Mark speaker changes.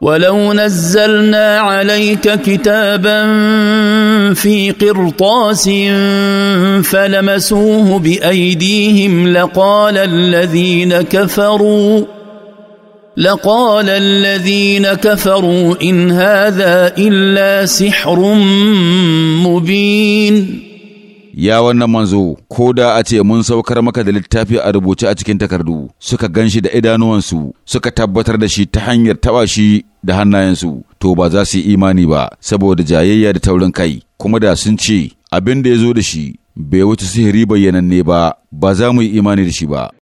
Speaker 1: ولو نزلنا عليك كتابا في قرطاس فلمسوه بايديهم لقال الذين كفروا لقال الذين كفروا ان هذا الا سحر مبين
Speaker 2: ya wannan manzo ko da a ce mun saukar maka da littafi a rubuce a cikin takardu suka gan shi da idanuwansu suka tabbatar da shi ta hanyar taɓa shi da hannayensu to ba za su yi imani ba saboda jayayya da taurin kai kuma da sun
Speaker 3: ce abin da ya zo da shi bai wuce sihiri bayyananne ba ba za mu yi imani da shi ba